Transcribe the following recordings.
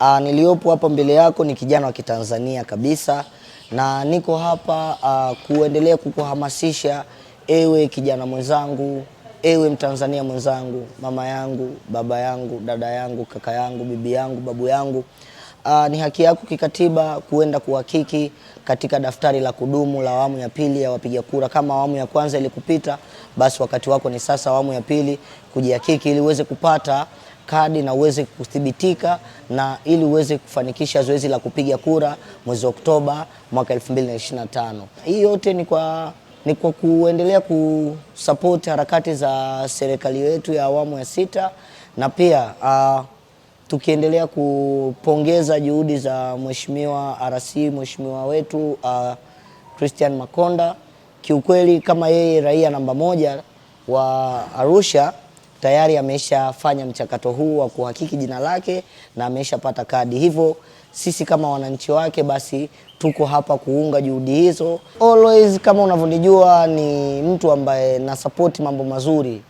Uh, ah, niliyopo hapa mbele yako ni kijana wa Kitanzania kabisa na niko hapa uh, kuendelea kukuhamasisha ewe kijana mwenzangu, ewe Mtanzania mwenzangu, mama yangu, baba yangu, dada yangu, kaka yangu, bibi yangu, babu yangu. Uh, ni haki yako kikatiba kuenda kuhakiki katika daftari la kudumu la awamu ya pili ya wapiga kura. Kama awamu ya kwanza ilikupita, basi wakati wako ni sasa awamu ya pili kujihakiki ili uweze kupata kadi na uweze kuthibitika na ili uweze kufanikisha zoezi la kupiga kura mwezi Oktoba mwaka 2025. Hii yote ni kwa ni kwa kuendelea kusupport harakati za serikali yetu ya awamu ya sita na pia uh, tukiendelea kupongeza juhudi za mheshimiwa RC mheshimiwa wetu uh, Christian Makonda. Kiukweli kama yeye raia namba moja wa Arusha tayari ameshafanya mchakato huu wa kuhakiki jina lake na ameshapata kadi. Hivyo sisi kama wananchi wake, basi tuko hapa kuunga juhudi hizo. Always, kama unavyonijua, ni mtu ambaye na support mambo mazuri,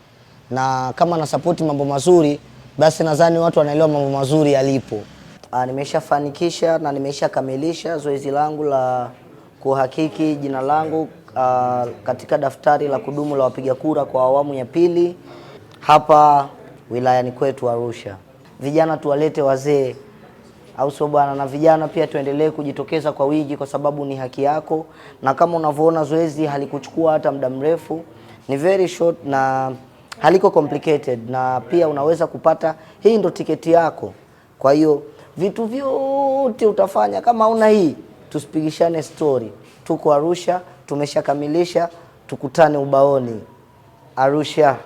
na kama na support mambo mazuri, basi nadhani watu wanaelewa mambo mazuri yalipo. Ah, nimeshafanikisha na nimeshakamilisha zoezi langu la kuhakiki jina langu ah, katika daftari la kudumu la wapiga kura kwa awamu ya pili hapa wilayani kwetu Arusha. Vijana tuwalete wazee, au sio bwana? Na vijana pia tuendelee kujitokeza kwa wingi, kwa sababu ni haki yako, na kama unavyoona zoezi halikuchukua hata muda mrefu, ni very short na haliko complicated, na pia unaweza kupata, hii ndo tiketi yako. Kwa hiyo vitu vyote utafanya kama una hii, tusipigishane story. Tuko Arusha, tumeshakamilisha, tukutane ubaoni Arusha.